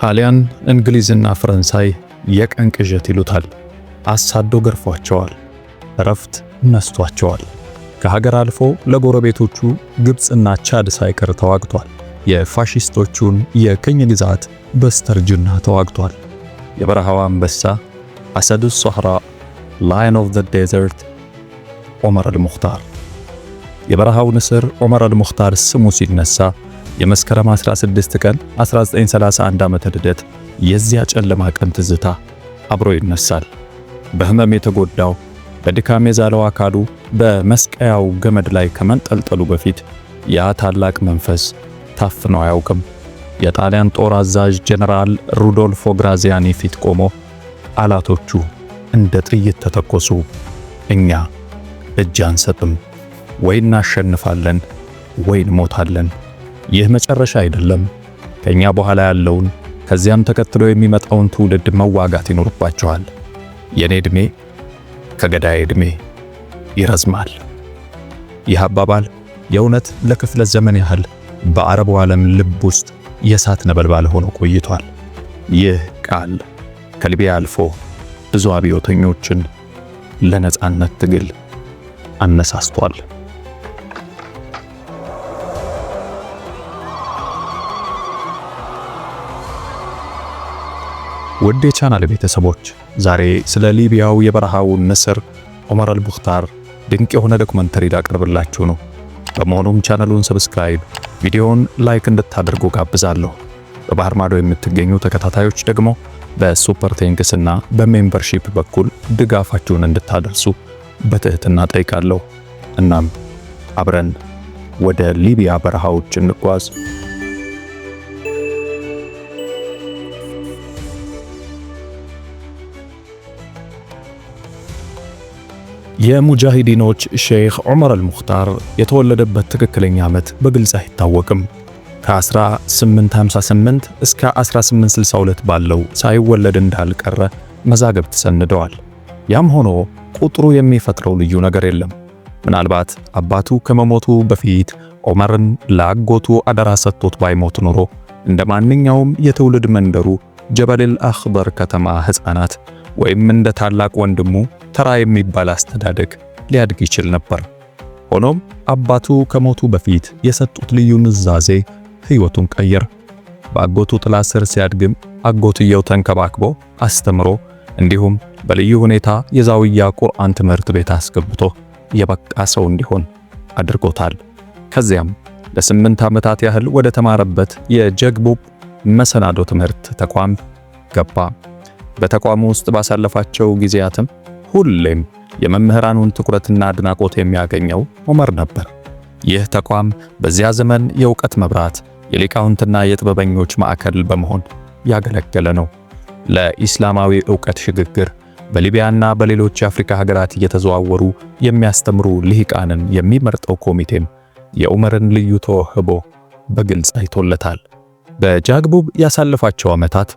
ጣሊያን፣ እንግሊዝና ፈረንሳይ የቀን ቅዠት ይሉታል። አሳዶ ገርፏቸዋል። እረፍት ነስቷቸዋል። ከሀገር አልፎ ለጎረቤቶቹ ግብፅና ቻድ ሳይቀር ተዋግቷል። የፋሽስቶቹን የቅኝ ግዛት በስተርጅና ተዋግቷል። የበረሃው አንበሳ፣ አሰዱ ሶህራ፣ ላይን ኦፍ ዘ ዴዘርት ዑመር አልሙኽታር። የበረሃው ንስር ዑመር አልሙኽታር ስሙ ሲነሳ የመስከረም 16 ቀን 1931 ዓ.ም ልደት የዚያ ጨለማ ቀን ትዝታ አብሮ ይነሳል። በህመም የተጎዳው በድካም የዛለው አካሉ በመስቀያው ገመድ ላይ ከመንጠልጠሉ በፊት ያ ታላቅ መንፈስ ታፍኖ አያውቅም። የጣሊያን ጦር አዛዥ ጄኔራል ሩዶልፎ ግራዚያኒ ፊት ቆሞ አላቶቹ እንደ ጥይት ተተኮሱ። እኛ እጅ አንሰጥም፣ ወይ እናሸንፋለን ወይ እንሞታለን። ይህ መጨረሻ አይደለም። ከኛ በኋላ ያለውን ከዚያም ተከትሎ የሚመጣውን ትውልድ መዋጋት ይኖርባቸዋል። የኔ ዕድሜ ከገዳይ ዕድሜ ይረዝማል። ይህ አባባል የእውነት ለክፍለ ዘመን ያህል በአረቡ ዓለም ልብ ውስጥ የእሳት ነበልባል ሆኖ ቆይቷል። ይህ ቃል ከሊቢያ አልፎ ብዙ አብዮተኞችን ለነጻነት ትግል አነሳስቷል። ውድ የቻናል ቤተሰቦች ዛሬ ስለ ሊቢያው የበረሃው ንስር ዑመር አልቡክታር ድንቅ የሆነ ዶክመንተሪ ላቀርብላችሁ ነው። በመሆኑም ቻናሉን ሰብስክራይብ፣ ቪዲዮውን ላይክ እንድታደርጉ ጋብዛለሁ። በባህር ማዶ የምትገኙ ተከታታዮች ደግሞ በሱፐር እና በሜምበርሺፕ በኩል ድጋፋችሁን እንድታደርሱ በትህትና ጠይቃለሁ። እናም አብረን ወደ ሊቢያ በረሃዎች እንጓዝ። የሙጃሂዲኖች ሼህ ዑመር አልሙኽታር የተወለደበት ትክክለኛ ዓመት በግልጽ አይታወቅም። ከ1858 እስከ 1862 ባለው ሳይወለድ እንዳልቀረ መዛግብት ሰንደዋል። ያም ሆኖ ቁጥሩ የሚፈጥረው ልዩ ነገር የለም። ምናልባት አባቱ ከመሞቱ በፊት ዑመርን ለአጎቱ አደራ ሰጥቶት ባይሞት ኖሮ እንደ ማንኛውም የትውልድ መንደሩ ጀበል አኽበር ከተማ ሕፃናት ወይም እንደ ታላቅ ወንድሙ ተራ የሚባል አስተዳደግ ሊያድግ ይችል ነበር። ሆኖም አባቱ ከሞቱ በፊት የሰጡት ልዩ ምዛዜ ሕይወቱን ቀየር። በአጎቱ ጥላ ስር ሲያድግም አጎትየው ተንከባክቦ አስተምሮ እንዲሁም በልዩ ሁኔታ የዛውያ ቁርአን ትምህርት ቤት አስገብቶ የበቃ ሰው እንዲሆን አድርጎታል። ከዚያም ለስምንት ዓመታት ያህል ወደ ተማረበት የጀግቡብ መሰናዶ ትምህርት ተቋም ገባ። በተቋሙ ውስጥ ባሳለፋቸው ጊዜያትም ሁሌም የመምህራኑን ትኩረትና አድናቆት የሚያገኘው ዑመር ነበር። ይህ ተቋም በዚያ ዘመን የእውቀት መብራት፣ የሊቃውንትና የጥበበኞች ማዕከል በመሆን ያገለገለ ነው። ለኢስላማዊ እውቀት ሽግግር በሊቢያና በሌሎች የአፍሪካ ሀገራት እየተዘዋወሩ የሚያስተምሩ ልሂቃንን የሚመርጠው ኮሚቴም የዑመርን ልዩ ተወህቦ በግልጽ አይቶለታል። በጃግቡብ ያሳለፋቸው ዓመታት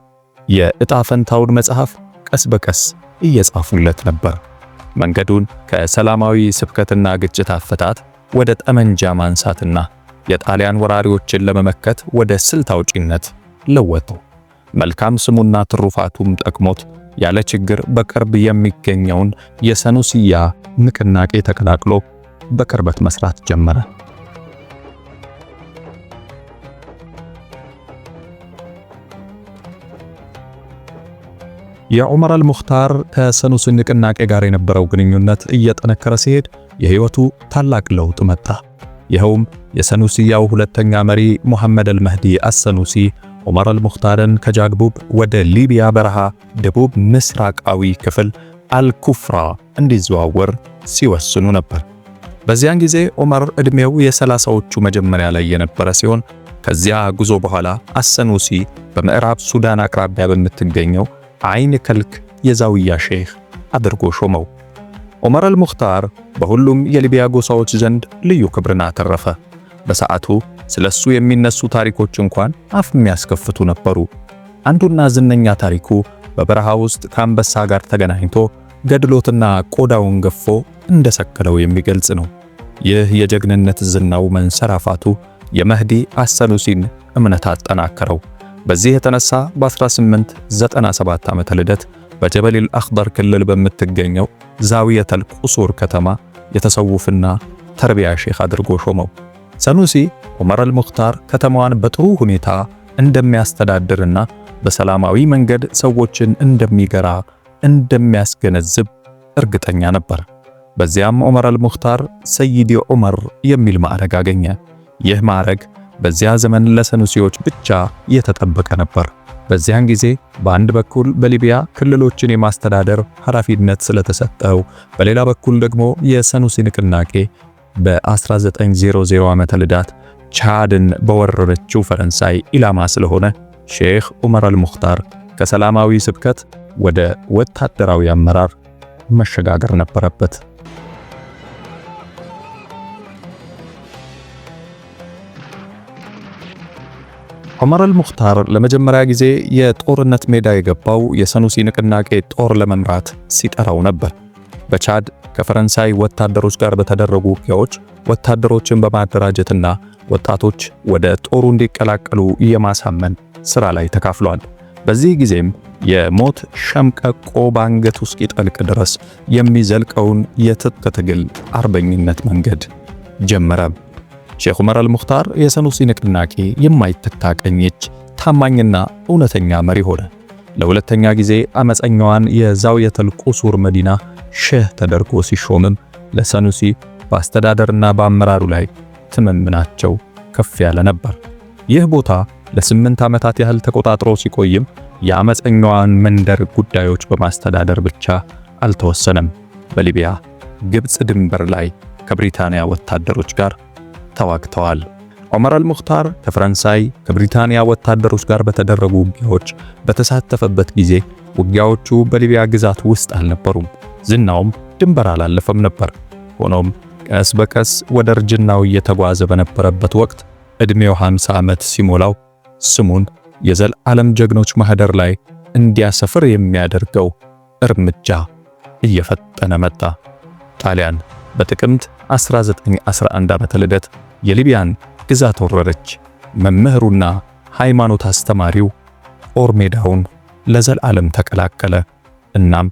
የዕጣ ፈንታውን መጽሐፍ ቀስ በቀስ እየጻፉለት ነበር። መንገዱን ከሰላማዊ ስብከትና ግጭት አፈታት ወደ ጠመንጃ ማንሳትና የጣሊያን ወራሪዎችን ለመመከት ወደ ስልት አውጪነት ለወጡ። መልካም ስሙና ትሩፋቱም ጠቅሞት ያለ ችግር በቅርብ የሚገኘውን የሰኑስያ ንቅናቄ ተቀላቅሎ በቅርበት መስራት ጀመረ። የዑመር አልሙኽታር ከሰኑሲ ንቅናቄ ጋር የነበረው ግንኙነት እየጠነከረ ሲሄድ የህይወቱ ታላቅ ለውጥ መጣ። ይኸውም የሰኑሲያው ሁለተኛ መሪ ሙሐመድ አልመህዲ አሰኑሲ ዑመር አልሙኽታርን ከጃግቡብ ወደ ሊቢያ በረሃ ደቡብ ምስራቃዊ ክፍል አልኩፍራ እንዲዘዋወር ሲወስኑ ነበር። በዚያን ጊዜ ዑመር ዕድሜው የሰላሳዎቹ መጀመሪያ ላይ የነበረ ሲሆን ከዚያ ጉዞ በኋላ አሰኑሲ በምዕራብ ሱዳን አቅራቢያ በምትገኘው አይን ከልክ የዛውያ ሼህ አድርጎ ሾመው። ዑመር አልሙኽታር በሁሉም የሊቢያ ጎሳዎች ዘንድ ልዩ ክብርን አተረፈ። በሰዓቱ ስለ እሱ የሚነሱ ታሪኮች እንኳን አፍ የሚያስከፍቱ ነበሩ። አንዱና ዝነኛ ታሪኩ በበረሃ ውስጥ ከአንበሳ ጋር ተገናኝቶ ገድሎትና ቆዳውን ገፎ እንደሰቀለው የሚገልጽ ነው። ይህ የጀግንነት ዝናው መንሰራፋቱ የመህዲ አሰኑሲን እምነት አጠናከረው። በዚህ የተነሳ በ1897 ዓመተ ልደት በጀበሊል አኽደር ክልል በምትገኘው ዛዊየተል ቁሱር ከተማ የተሰውፍና ተርቢያ ሼኽ አድርጎ ሾመው። ሰኑሲ ዑመር አልሙኽታር ከተማዋን በጥሩ ሁኔታ እንደሚያስተዳድርና በሰላማዊ መንገድ ሰዎችን እንደሚገራ እንደሚያስገነዝብ እርግጠኛ ነበር። በዚያም ዑመር አልሙኽታር ሰይዲ ዑመር የሚል ማዕረግ አገኘ። ይህ ማዕረግ በዚያ ዘመን ለሰኑሲዎች ብቻ የተጠበቀ ነበር። በዚያን ጊዜ በአንድ በኩል በሊቢያ ክልሎችን የማስተዳደር ኃላፊነት ስለተሰጠው፣ በሌላ በኩል ደግሞ የሰኑሲ ንቅናቄ በ1900 ዓመተ ልዳት ቻድን በወረረችው ፈረንሳይ ኢላማ ስለሆነ ሼህ ዑመር አልሙኽታር ከሰላማዊ ስብከት ወደ ወታደራዊ አመራር መሸጋገር ነበረበት። ዑመር አልሙኽታር ለመጀመሪያ ጊዜ የጦርነት ሜዳ የገባው የሰኑሲ ንቅናቄ ጦር ለመምራት ሲጠራው ነበር። በቻድ ከፈረንሳይ ወታደሮች ጋር በተደረጉ ውጊያዎች ወታደሮችን በማደራጀትና ወጣቶች ወደ ጦሩ እንዲቀላቀሉ የማሳመን ሥራ ላይ ተካፍሏል። በዚህ ጊዜም የሞት ሸምቀቆ በአንገት ውስጥ ድረስ የሚዘልቀውን የትጥቅ ትግል አርበኝነት መንገድ ጀመረ። ሼክ ዑመር አልሙኽታር የሰኑሲ ንቅናቄ የማይተካ ቀኝች ታማኝና እውነተኛ መሪ ሆነ። ለሁለተኛ ጊዜ አመፀኛዋን የዛውየተል ቁሱር መዲና ሼህ ተደርጎ ሲሾምም ለሰኑሲ በአስተዳደርና በአመራሩ ላይ ትምምናቸው ከፍ ያለ ነበር። ይህ ቦታ ለስምንት ዓመታት ያህል ተቆጣጥሮ ሲቆይም የአመፀኛዋን መንደር ጉዳዮች በማስተዳደር ብቻ አልተወሰነም። በሊቢያ ግብፅ ድንበር ላይ ከብሪታንያ ወታደሮች ጋር ተዋግተዋል። ኦመር አልሙኽታር ከፈረንሳይ ከብሪታንያ ወታደሮች ጋር በተደረጉ ውጊያዎች በተሳተፈበት ጊዜ ውጊያዎቹ በሊቢያ ግዛት ውስጥ አልነበሩም፣ ዝናውም ድንበር አላለፈም ነበር። ሆኖም ቀስ በቀስ ወደ እርጅናው እየተጓዘ በነበረበት ወቅት ዕድሜው 50 ዓመት ሲሞላው ስሙን የዘል ዓለም ጀግኖች ማህደር ላይ እንዲያሰፍር የሚያደርገው እርምጃ እየፈጠነ መጣ። ጣሊያን በጥቅምት 1911 ዓመተ ልደት የሊቢያን ግዛት ወረረች። መምህሩና ሃይማኖት አስተማሪው ኦርሜዳውን ለዘላለም ተቀላቀለ። እናም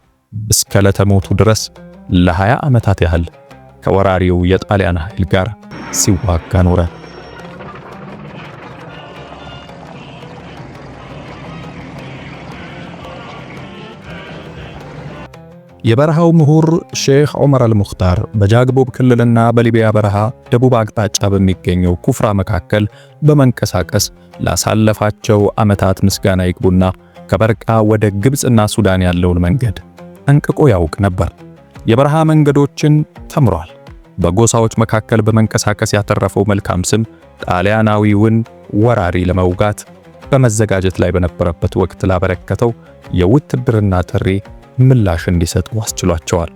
እስከ ለተሞቱ ድረስ ለ20 ዓመታት ያህል ከወራሪው የጣሊያን ኃይል ጋር ሲዋጋ ኖረ። የበረሃው ምሁር ሼህ ዑመር አልሙኽታር በጃግቦብ ክልልና በሊቢያ በረሃ ደቡብ አቅጣጫ በሚገኘው ኩፍራ መካከል በመንቀሳቀስ ላሳለፋቸው ዓመታት ምስጋና ይግቡና ከበርቃ ወደ ግብፅና ሱዳን ያለውን መንገድ ጠንቅቆ ያውቅ ነበር። የበረሃ መንገዶችን ተምሯል። በጎሳዎች መካከል በመንቀሳቀስ ያተረፈው መልካም ስም ጣሊያናዊውን ወራሪ ለመውጋት በመዘጋጀት ላይ በነበረበት ወቅት ላበረከተው የውትድርና ጥሪ ምላሽ እንዲሰጡ አስችሏቸዋል።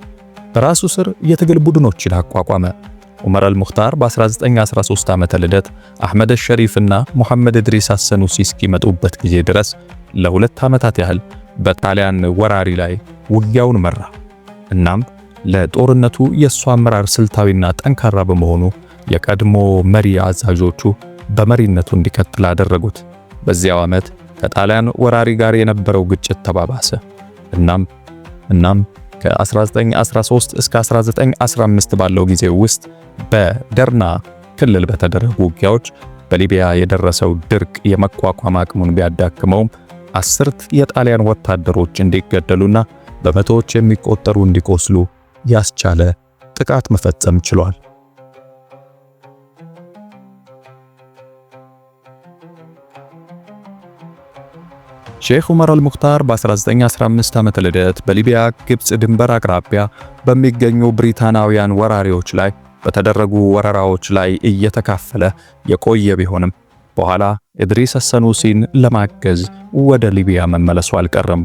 በራሱ ስር የትግል ቡድኖችን አቋቋመ። ዑመር አልሙኽታር በ1913 ዓመተ ልደት አሕመድ ሸሪፍና ሙሐመድ እድሪስ አሰኑሲ እስኪመጡበት ጊዜ ድረስ ለሁለት ዓመታት ያህል በጣሊያን ወራሪ ላይ ውጊያውን መራ። እናም ለጦርነቱ የእሱ አመራር ስልታዊና ጠንካራ በመሆኑ የቀድሞ መሪ አዛዦቹ በመሪነቱ እንዲቀጥል አደረጉት። በዚያው ዓመት ከጣሊያን ወራሪ ጋር የነበረው ግጭት ተባባሰ። እናም እናም ከ1913 እስከ 1915 ባለው ጊዜ ውስጥ በደርና ክልል በተደረጉ ውጊያዎች በሊቢያ የደረሰው ድርቅ የመቋቋም አቅሙን ቢያዳክመውም አስርት የጣሊያን ወታደሮች እንዲገደሉና በመቶዎች የሚቆጠሩ እንዲቆስሉ ያስቻለ ጥቃት መፈጸም ችሏል። ሼክ ዑመር አልሙክታር በ1915 ዓመተ ልደት በሊቢያ ግብፅ ድንበር አቅራቢያ በሚገኙ ብሪታናውያን ወራሪዎች ላይ በተደረጉ ወረራዎች ላይ እየተካፈለ የቆየ ቢሆንም በኋላ ኢድሪስ አሰኑሲን ለማገዝ ወደ ሊቢያ መመለሱ አልቀረም።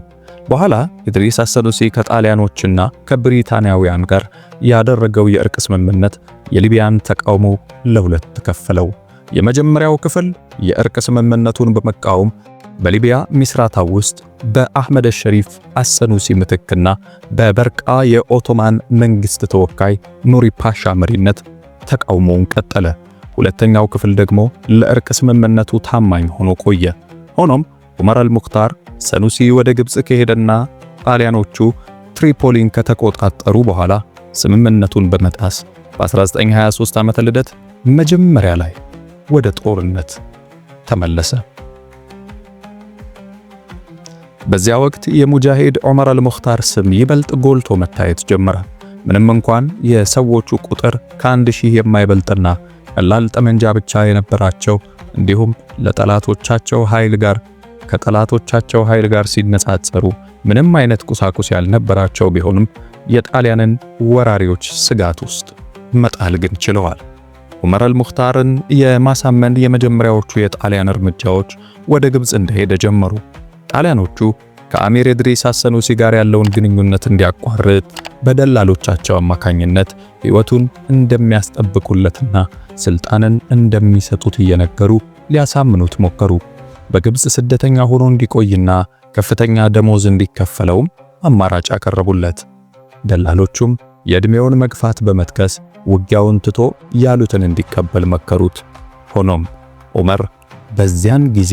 በኋላ ኢድሪስ አሰኑሲ ከጣሊያኖችና ከብሪታንያውያን ጋር ያደረገው የእርቅ ስምምነት የሊቢያን ተቃውሞ ለሁለት ተከፈለው የመጀመሪያው ክፍል የእርቅ ስምምነቱን በመቃወም በሊቢያ ሚስራታ ውስጥ በአህመድ ሸሪፍ አሰኑሲ ምትክና በበርቃ የኦቶማን መንግስት ተወካይ ኑሪ ፓሻ መሪነት ተቃውሞውን ቀጠለ። ሁለተኛው ክፍል ደግሞ ለእርቅ ስምምነቱ ታማኝ ሆኖ ቆየ። ሆኖም ዑመር አልሙክታር ሰኑሲ ወደ ግብጽ ከሄደና ጣሊያኖቹ ትሪፖሊን ከተቆጣጠሩ በኋላ ስምምነቱን በመጣስ በ1923 ዓመተ ልደት መጀመሪያ ላይ ወደ ጦርነት ተመለሰ። በዚያ ወቅት የሙጃሂድ ዑመር አልሙኽታር ስም ይበልጥ ጎልቶ መታየት ጀመረ። ምንም እንኳን የሰዎቹ ቁጥር ከአንድ ሺህ የማይበልጥና ቀላል ጠመንጃ ብቻ የነበራቸው እንዲሁም ለጠላቶቻቸው ኃይል ጋር ከጠላቶቻቸው ኃይል ጋር ሲነጻጸሩ ምንም አይነት ቁሳቁስ ያልነበራቸው ቢሆንም የጣሊያንን ወራሪዎች ስጋት ውስጥ መጣል ግን ችለዋል። ዑመር አልሙኽታርን የማሳመን የመጀመሪያዎቹ የጣሊያን እርምጃዎች ወደ ግብፅ እንደሄደ ጀመሩ። ጣሊያኖቹ ከአሜር የድሬሳሰኑሲ ጋር ያለውን ግንኙነት እንዲያቋርጥ በደላሎቻቸው አማካኝነት ሕይወቱን እንደሚያስጠብቁለትና ስልጣንን እንደሚሰጡት እየነገሩ ሊያሳምኑት ሞከሩ። በግብፅ ስደተኛ ሆኖ እንዲቆይና ከፍተኛ ደሞዝ እንዲከፈለውም አማራጭ አቀረቡለት። ደላሎቹም የዕድሜውን መግፋት በመጥቀስ ውጊያውን ትቶ ያሉትን እንዲቀበል መከሩት። ሆኖም ዑመር በዚያን ጊዜ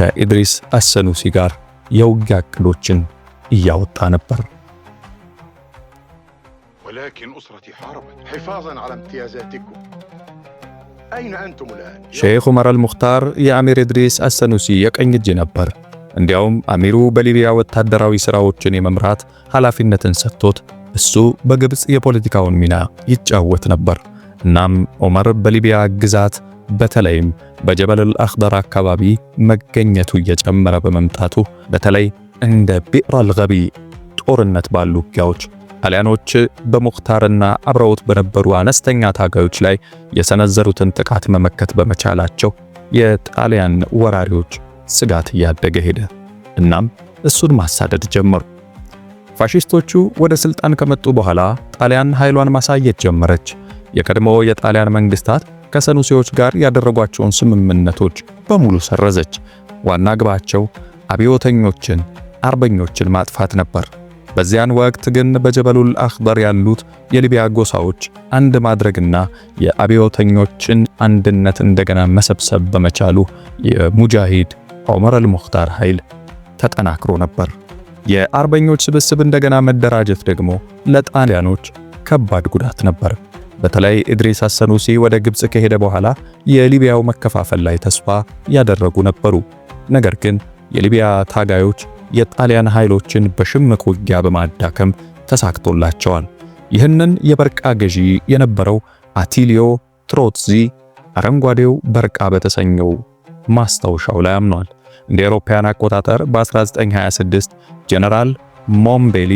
ከኢድሪስ አሰኑሲ ጋር የውጊያ እቅዶችን እያወጣ ነበር። ሼክ ዑመር አልሙኽታር የአሚር ኢድሪስ አሰኑሲ የቀኝ እጅ ነበር። እንዲያውም አሚሩ በሊቢያ ወታደራዊ ሥራዎችን የመምራት ኃላፊነትን ሰጥቶት እሱ በግብፅ የፖለቲካውን ሚና ይጫወት ነበር። እናም ዑመር በሊቢያ ግዛት በተለይም በጀበለል አኽደር አካባቢ መገኘቱ እየጨመረ በመምጣቱ በተለይ እንደ ቢዕር አልገቢ ጦርነት ባሉ ውጊያዎች ጣሊያኖች በሙክታርና አብረውት በነበሩ አነስተኛ ታጋዮች ላይ የሰነዘሩትን ጥቃት መመከት በመቻላቸው የጣሊያን ወራሪዎች ስጋት እያደገ ሄደ። እናም እሱን ማሳደድ ጀመሩ። ፋሺስቶቹ ወደ ስልጣን ከመጡ በኋላ ጣሊያን ኃይሏን ማሳየት ጀመረች። የቀድሞ የጣሊያን መንግስታት ከሰኑሴዎች ጋር ያደረጓቸውን ስምምነቶች በሙሉ ሰረዘች። ዋና ግባቸው አብዮተኞችን፣ አርበኞችን ማጥፋት ነበር። በዚያን ወቅት ግን በጀበሉል አኽበር ያሉት የሊቢያ ጎሳዎች አንድ ማድረግና የአብዮተኞችን አንድነት እንደገና መሰብሰብ በመቻሉ የሙጃሂድ ዑመር አልሙኽታር ኃይል ተጠናክሮ ነበር። የአርበኞች ስብስብ እንደገና መደራጀት ደግሞ ለጣሊያኖች ከባድ ጉዳት ነበር። በተለይ ኢድሪስ አሰኑሲ ወደ ግብጽ ከሄደ በኋላ የሊቢያው መከፋፈል ላይ ተስፋ ያደረጉ ነበሩ። ነገር ግን የሊቢያ ታጋዮች የጣሊያን ኃይሎችን በሽምቅ ውጊያ በማዳከም ተሳክቶላቸዋል። ይህንን የበርቃ ገዢ የነበረው አቲሊዮ ትሮትዚ አረንጓዴው በርቃ በተሰኘው ማስታወሻው ላይ አምኗል። እንደ አውሮፓውያን አቆጣጠር በ1926 ጀነራል ሞምቤሊ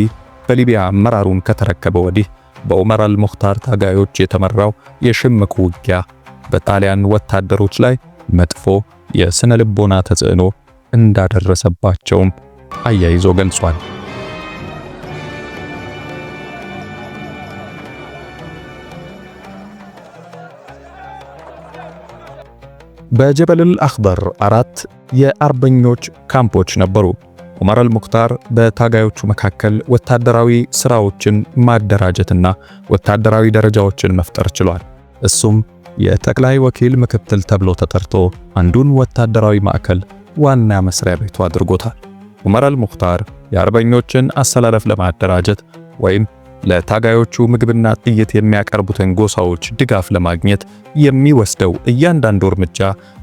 በሊቢያ አመራሩን ከተረከበ ወዲህ በኡመር አልሙኽታር ታጋዮች የተመራው የሽምቅ ውጊያ በጣሊያን ወታደሮች ላይ መጥፎ የሥነ ልቦና ተጽዕኖ እንዳደረሰባቸውም አያይዞ ገልጿል። በጀበልል አኽበር አራት የአርበኞች ካምፖች ነበሩ። ኦማር አልሙክታር በታጋዮቹ መካከል ወታደራዊ ስራዎችን ማደራጀትና ወታደራዊ ደረጃዎችን መፍጠር ችሏል። እሱም የጠቅላይ ወኪል ምክትል ተብሎ ተጠርቶ አንዱን ወታደራዊ ማዕከል ዋና መስሪያ ቤቱ አድርጎታል። ኡመር አልሙክታር የአርበኞችን አሰላለፍ ለማደራጀት ወይም ለታጋዮቹ ምግብና ጥይት የሚያቀርቡትን ጎሳዎች ድጋፍ ለማግኘት የሚወስደው እያንዳንዱ እርምጃ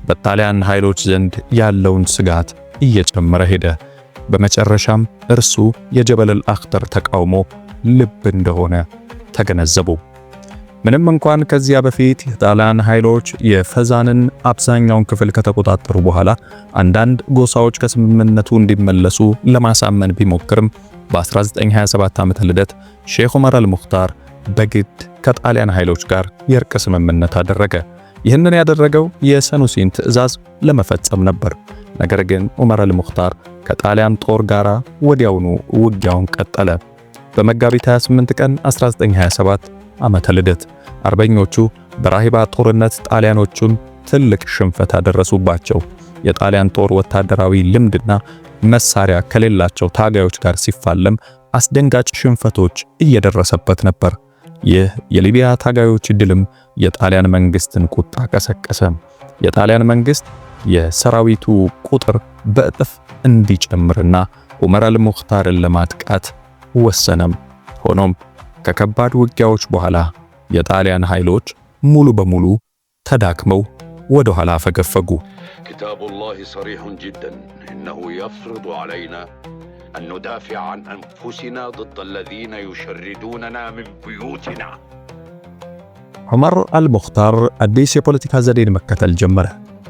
በጣሊያን ኃይሎች ዘንድ ያለውን ስጋት እየጨመረ ሄደ። በመጨረሻም እርሱ የጀበለል አኽተር ተቃውሞ ልብ እንደሆነ ተገነዘቡ። ምንም እንኳን ከዚያ በፊት የጣሊያን ኃይሎች የፈዛንን አብዛኛውን ክፍል ከተቆጣጠሩ በኋላ አንዳንድ ጎሳዎች ከስምምነቱ እንዲመለሱ ለማሳመን ቢሞክርም በ1927 ዓመተ ልደት ሼክ ዑመር አልሙኽታር በግድ ከጣሊያን ኃይሎች ጋር የእርቅ ስምምነት አደረገ። ይህንን ያደረገው የሰኑሲን ትዕዛዝ ለመፈጸም ነበር። ነገር ግን ዑመር አልሙኽታር ከጣሊያን ጦር ጋር ወዲያውኑ ውጊያውን ቀጠለ። በመጋቢት 28 ቀን 1927 ዓመተ ልደት አርበኞቹ በራሂባ ጦርነት ጣሊያኖቹን ትልቅ ሽንፈት አደረሱባቸው። የጣሊያን ጦር ወታደራዊ ልምድና መሳሪያ ከሌላቸው ታጋዮች ጋር ሲፋለም አስደንጋጭ ሽንፈቶች እየደረሰበት ነበር። ይህ የሊቢያ ታጋዮች ድልም የጣሊያን መንግስትን ቁጣ ቀሰቀሰ። የጣሊያን መንግስት የሰራዊቱ ቁጥር በእጥፍ እንዲጨምርና ዑመር አልሙኽታርን ለማጥቃት ወሰነም። ሆኖም ከከባድ ውጊያዎች በኋላ የጣሊያን ኃይሎች ሙሉ በሙሉ ተዳክመው ወደ ኋላ ፈገፈጉ። ኪታቡላህ ሰሪሑን ጅደን እነሁ የፍርዱ ዐለይና አን ዐን አንፉሲና ضد አለዚነ ዩሸርዱነና ሚን ብዩቲና። ዑመር አልሙኽታር አዲስ የፖለቲካ ዘዴን መከተል ጀመረ።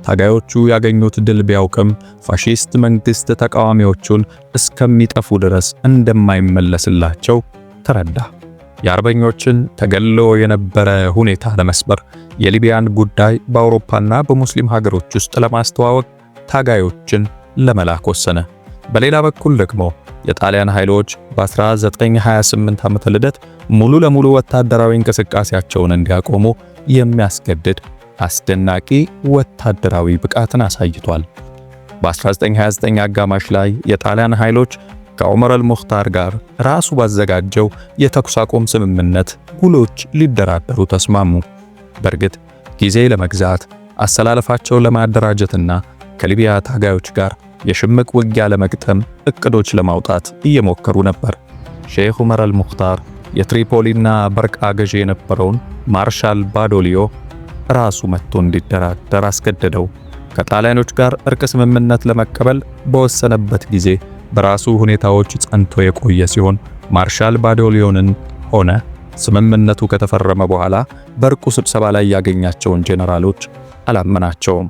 ታጋዮቹ ያገኙት ድል ቢያውቅም ፋሺስት መንግስት ተቃዋሚዎቹን እስከሚጠፉ ድረስ እንደማይመለስላቸው ተረዳ። የአርበኞችን ተገልሎ የነበረ ሁኔታ ለመስበር የሊቢያን ጉዳይ በአውሮፓና በሙስሊም ሀገሮች ውስጥ ለማስተዋወቅ ታጋዮችን ለመላክ ወሰነ። በሌላ በኩል ደግሞ የጣሊያን ኃይሎች በ1928 ዓመተ ልደት ሙሉ ለሙሉ ወታደራዊ እንቅስቃሴያቸውን እንዲያቆሙ የሚያስገድድ አስደናቂ ወታደራዊ ብቃትን አሳይቷል። በ1929 አጋማሽ ላይ የጣሊያን ኃይሎች ከዑመር አልሙኽታር ጋር ራሱ ባዘጋጀው የተኩስ አቁም ስምምነት ጉሎች ሊደራደሩ ተስማሙ። በእርግጥ ጊዜ ለመግዛት አሰላለፋቸውን ለማደራጀትና ከሊቢያ ታጋዮች ጋር የሽምቅ ውጊያ ለመግጠም እቅዶች ለማውጣት እየሞከሩ ነበር። ሼህ ዑመር አልሙኽታር የትሪፖሊና በርቃ ገዢ የነበረውን ማርሻል ባዶሊዮ ራሱ መጥቶ እንዲደራደር አስገደደው። ከጣሊያኖች ጋር እርቅ ስምምነት ለመቀበል በወሰነበት ጊዜ በራሱ ሁኔታዎች ጸንቶ የቆየ ሲሆን ማርሻል ባዶሊዮንን ሆነ ስምምነቱ ከተፈረመ በኋላ በእርቁ ስብሰባ ላይ ያገኛቸውን ጄኔራሎች አላመናቸውም።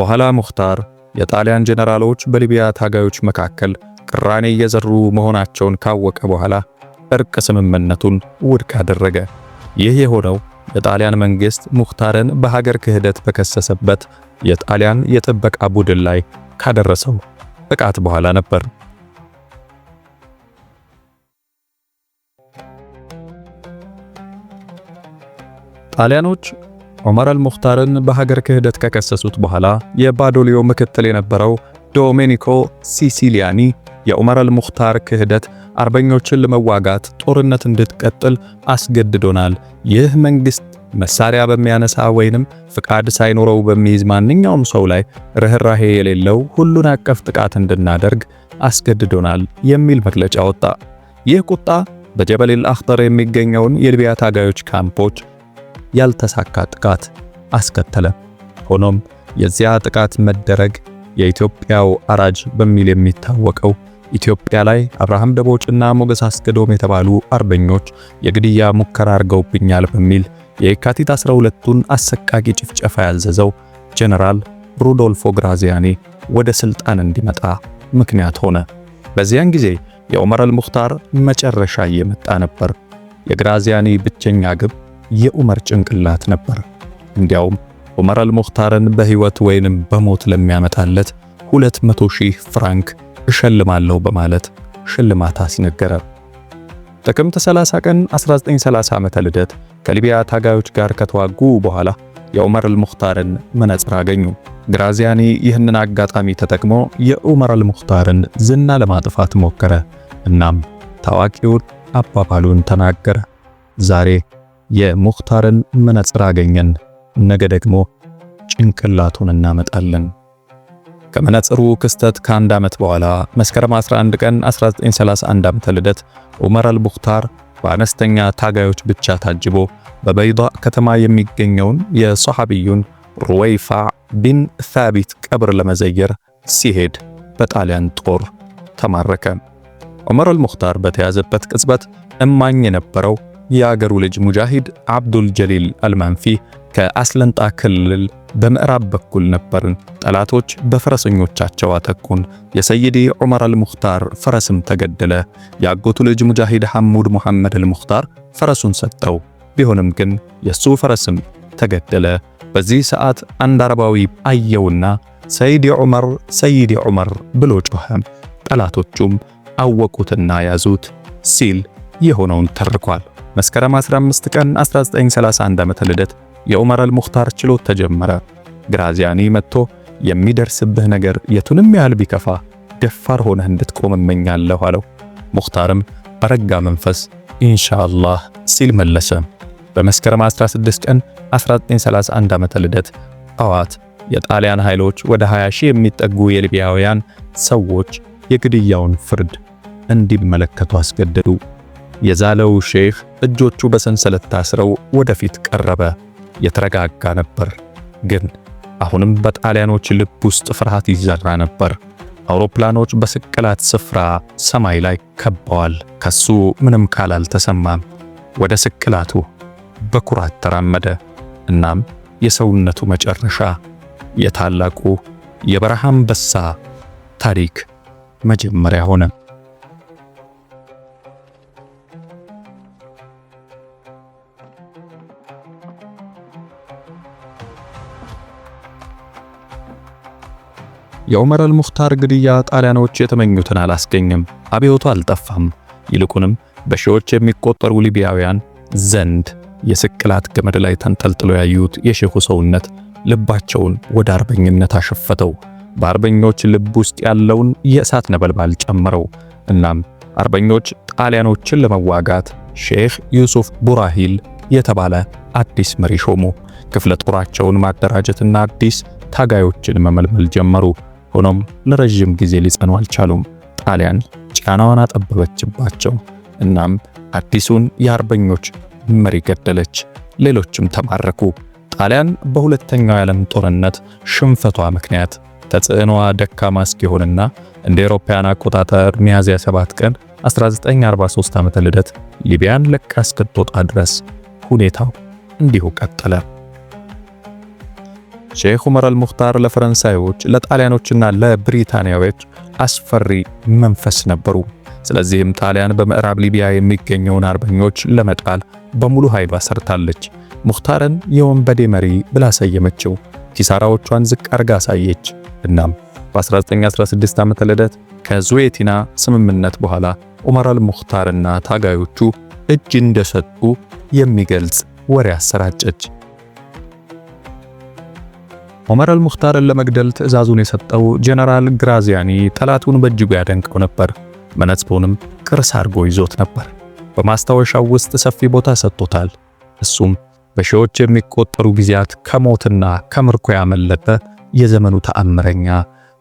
በኋላ ሙኽታር የጣሊያን ጄኔራሎች በሊቢያ ታጋዮች መካከል ቅራኔ እየዘሩ መሆናቸውን ካወቀ በኋላ እርቅ ስምምነቱን ውድቅ አደረገ። ይህ የሆነው የጣሊያን መንግስት ሙክታርን በሀገር ክህደት በከሰሰበት የጣሊያን የጥበቃ ቡድን ላይ ካደረሰው ጥቃት በኋላ ነበር። ጣሊያኖች ዑመር አልሙክታርን በሀገር ክህደት ከከሰሱት በኋላ የባዶሊዮ ምክትል የነበረው ዶሜኒኮ ሲሲሊያኒ የዑመር አልሙኽታር ክህደት አርበኞችን ለመዋጋት ጦርነት እንድትቀጥል አስገድዶናል። ይህ መንግስት መሳሪያ በሚያነሳ ወይንም ፍቃድ ሳይኖረው በሚይዝ ማንኛውም ሰው ላይ ርህራሄ የሌለው ሁሉን አቀፍ ጥቃት እንድናደርግ አስገድዶናል የሚል መግለጫ ወጣ። ይህ ቁጣ በጀበሌል አኽጠር የሚገኘውን የሊቢያ ታጋዮች ካምፖች ያልተሳካ ጥቃት አስከተለ። ሆኖም የዚያ ጥቃት መደረግ የኢትዮጵያው አራጅ በሚል የሚታወቀው ኢትዮጵያ ላይ አብርሃም ደቦጭና ሞገስ አስገዶም የተባሉ አርበኞች የግድያ ሙከራ አድርገውብኛል በሚል የካቲት 12ቱን አሰቃቂ ጭፍጨፋ ያዘዘው ጀነራል ሩዶልፎ ግራዚያኒ ወደ ስልጣን እንዲመጣ ምክንያት ሆነ። በዚያን ጊዜ የዑመር አልሙኽታር መጨረሻ እየመጣ ነበር። የግራዚያኒ ብቸኛ ግብ የዑመር ጭንቅላት ነበር። እንዲያውም ዑመር አልሙኽታርን በሕይወት ወይንም በሞት ለሚያመጣለት 200 ሺህ ፍራንክ እሸልማለሁ በማለት ሽልማታ ሲነገረ ጥቅምት 30 ቀን 1930 ዓመተ ልደት ከሊቢያ ታጋዮች ጋር ከተዋጉ በኋላ የዑመር አልሙኽታርን መነጽር አገኙ። ግራዚያኒ ይህንን አጋጣሚ ተጠቅሞ የዑመር አልሙኽታርን ዝና ለማጥፋት ሞከረ። እናም ታዋቂውን አባባሉን ተናገረ። ዛሬ የሙኽታርን መነጽር አገኘን፣ ነገ ደግሞ ጭንቅላቱን እናመጣለን። ከመነጽሩ ክስተት ከአንድ ዓመት በኋላ መስከረም 11 ቀን 1931 ዓመተ ልደት ዑመር አልቡኽታር በአነስተኛ ታጋዮች ብቻ ታጅቦ በበይዳ ከተማ የሚገኘውን የሶሐቢዩን ሩወይፋ ቢን ሳቢት ቀብር ለመዘየር ሲሄድ በጣሊያን ጦር ተማረከ። ዑመር አልሙኽታር በተያዘበት ቅጽበት እማኝ የነበረው የአገሩ ልጅ ሙጃሂድ አብዱል ጀሊል አልማንፊ ከአስለንጣ ክልል በምዕራብ በኩል ነበርን። ጠላቶች በፈረሰኞቻቸው አተኩን። የሰይዲ ዑመር አልሙኽታር ፈረስም ተገደለ። የአጎቱ ልጅ ሙጃሂድ ሐሙድ መሐመድ አልሙኽታር ፈረሱን ሰጠው። ቢሆንም ግን የሱ ፈረስም ተገደለ። በዚህ ሰዓት አንድ አረባዊ አየውና ሰይዲ ዑመር ሰይዲ ዑመር ብሎ ጮኸ። ጠላቶቹም አወቁትና ያዙት ሲል የሆነውን ተርኳል። መስከረም 15 ቀን 1931 ዓመተ ልደት የዑመር አልሙኽታር ችሎት ተጀመረ። ግራዚያኒ መጥቶ የሚደርስብህ ነገር የቱንም ያህል ቢከፋ ደፋር ሆነህ እንድትቆም እመኛለሁ አለው። ሙኽታርም በረጋ መንፈስ ኢንሻአላህ ሲል መለሰ። በመስከረም 16 ቀን 1931 ዓመተ ልደት ጠዋት የጣሊያን ኃይሎች ወደ 20 ሺህ የሚጠጉ የሊቢያውያን ሰዎች የግድያውን ፍርድ እንዲመለከቱ አስገደዱ። የዛለው ሼህ እጆቹ በሰንሰለት ታስረው ወደፊት ቀረበ። የተረጋጋ ነበር። ግን አሁንም በጣሊያኖች ልብ ውስጥ ፍርሃት ይዘራ ነበር። አውሮፕላኖች በስቅላት ስፍራ ሰማይ ላይ ከበዋል። ከሱ ምንም ቃል አልተሰማም። ወደ ስቅላቱ በኩራት ተራመደ። እናም የሰውነቱ መጨረሻ የታላቁ የበረሃ አንበሳ ታሪክ መጀመሪያ ሆነ። የዑመር አልሙኽታር ግድያ ጣሊያኖች የተመኙትን አላስገኘም። አብዮቱ አልጠፋም። ይልቁንም በሺዎች የሚቆጠሩ ሊቢያውያን ዘንድ የስቅላት ገመድ ላይ ተንጠልጥሎ ያዩት የሼሁ ሰውነት ልባቸውን ወደ አርበኝነት አሸፈተው። በአርበኞች ልብ ውስጥ ያለውን የእሳት ነበልባል ጨመረው። እናም አርበኞች ጣሊያኖችን ለመዋጋት ሼህ ዩሱፍ ቡራሂል የተባለ አዲስ መሪ ሾሙ። ክፍለ ጦራቸውን ማደራጀትና አዲስ ታጋዮችን መመልመል ጀመሩ። ሆኖም ለረዥም ጊዜ ሊጸኑ አልቻሉም። ጣሊያን ጫናዋን አጠበበችባቸው። እናም አዲሱን የአርበኞች መሪ ገደለች። ሌሎችም ተማረኩ። ጣሊያን በሁለተኛው የዓለም ጦርነት ሽንፈቷ ምክንያት ተጽዕኖዋ ደካማ እስኪሆንና እንደ አውሮፓውያን አቆጣጠር ሚያዝያ 7 ቀን 1943 ዓመተ ልደት ሊቢያን ለቃ እስክትወጣ ድረስ ሁኔታው እንዲሁ ቀጠለ። ሼህ ዑመር አልሙኽታር ለፈረንሳዮች ለጣሊያኖችና ለብሪታንያዎች አስፈሪ መንፈስ ነበሩ። ስለዚህም ጣሊያን በምዕራብ ሊቢያ የሚገኘውን አርበኞች ለመጣል በሙሉ ኃይሏ ሰርታለች። ሙኽታርን የወንበዴ መሪ ብላ ሰየመችው። ኪሳራዎቿን ዝቅ አርጋ አሳየች። እናም በ1916 ዓመተ ልደት ከዙዌቲና ስምምነት በኋላ ዑመር አልሙኽታርና ታጋዮቹ እጅ እንደሰጡ የሚገልጽ ወሬ አሰራጨች። ኦመር አልሙኽታርን ለመግደል ትዕዛዙን የሰጠው ጀነራል ግራዚያኒ ጠላቱን በእጅጉ ያደንቀው ነበር። መነጽሩንም ቅርስ አድርጎ ይዞት ነበር። በማስታወሻው ውስጥ ሰፊ ቦታ ሰጥቶታል። እሱም በሺዎች የሚቆጠሩ ጊዜያት ከሞትና ከምርኮ ያመለጠ የዘመኑ ተአምረኛ፣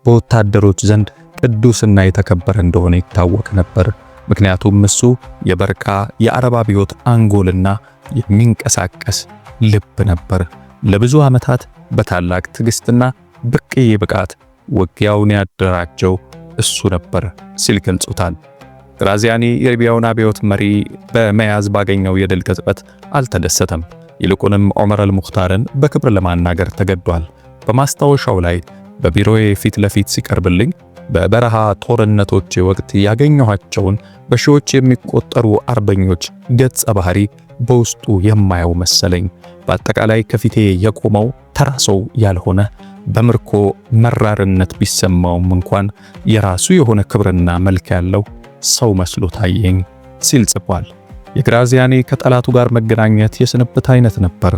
በወታደሮች ዘንድ ቅዱስና የተከበረ እንደሆነ ይታወቅ ነበር። ምክንያቱም እሱ የበርካ የአረብ አብዮት አንጎልና የሚንቀሳቀስ ልብ ነበር። ለብዙ ዓመታት በታላቅ ትዕግስትና ብርቅዬ ብቃት ውጊያውን ያደራጀው እሱ ነበር ሲል ገልጾታል። ግራዚያኒ የሊቢያውን አብዮት መሪ በመያዝ ባገኘው የድል ቅጽበት አልተደሰተም። ይልቁንም ዑመር አልሙኽታርን በክብር ለማናገር ተገዷል። በማስታወሻው ላይ በቢሮዬ ፊት ለፊት ሲቀርብልኝ በበረሃ ጦርነቶች ወቅት ያገኘኋቸውን በሺዎች የሚቆጠሩ አርበኞች ገጸ ባህሪ በውስጡ የማየው መሰለኝ። በአጠቃላይ ከፊቴ የቆመው ተራ ሰው ያልሆነ በምርኮ መራርነት ቢሰማውም እንኳን የራሱ የሆነ ክብርና መልክ ያለው ሰው መስሎ ታየኝ ሲል ጽፏል። የግራዚያኔ ከጠላቱ ጋር መገናኘት የስንብት አይነት ነበር።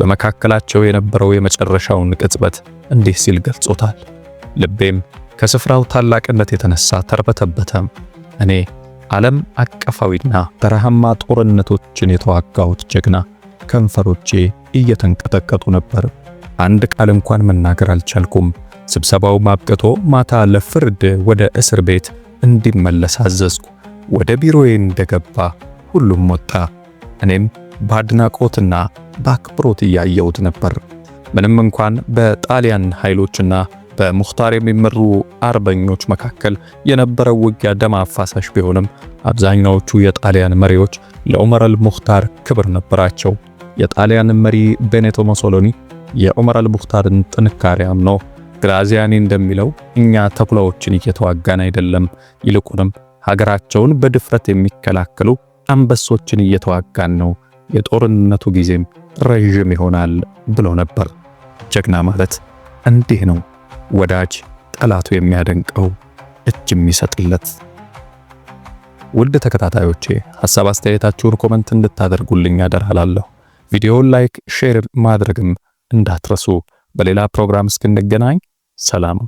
በመካከላቸው የነበረው የመጨረሻውን ቅጽበት እንዲህ ሲል ገልጾታል። ልቤም ከስፍራው ታላቅነት የተነሳ ተርበተበተም። እኔ ዓለም አቀፋዊና በረሃማ ጦርነቶችን የተዋጋሁት ጀግና ከንፈሮቼ እየተንቀጠቀጡ ነበር። አንድ ቃል እንኳን መናገር አልቻልኩም። ስብሰባው ማብቀቶ ማታ ለፍርድ ወደ እስር ቤት እንዲመለስ አዘዝኩ። ወደ ቢሮዬ እንደገባ ሁሉም ወጣ። እኔም በአድናቆትና በአክብሮት እያየሁት ነበር። ምንም እንኳን በጣሊያን ኃይሎችና በሙኽታር የሚመሩ አርበኞች መካከል የነበረው ውጊያ ደም አፋሳሽ ቢሆንም አብዛኛዎቹ የጣሊያን መሪዎች ለዑመር አልሙኽታር ክብር ነበራቸው። የጣሊያን መሪ ቤኔቶ ሞሶሎኒ የዑመር አልቡክታርን ጥንካሬ አምኖ ግራዚያኒ እንደሚለው እኛ ተኩላዎችን እየተዋጋን አይደለም፣ ይልቁንም ሀገራቸውን በድፍረት የሚከላከሉ አንበሶችን እየተዋጋን ነው፣ የጦርነቱ ጊዜም ረዥም ይሆናል ብሎ ነበር። ጀግና ማለት እንዲህ ነው። ወዳጅ ጠላቱ የሚያደንቀው እጅ የሚሰጥለት። ውድ ተከታታዮቼ ሐሳብ አስተያየታችሁን ኮመንት እንድታደርጉልኝ አደራላለሁ። ቪዲዮውን ላይክ፣ ሼር ማድረግም እንዳትረሱ። በሌላ ፕሮግራም እስክንገናኝ ሰላም።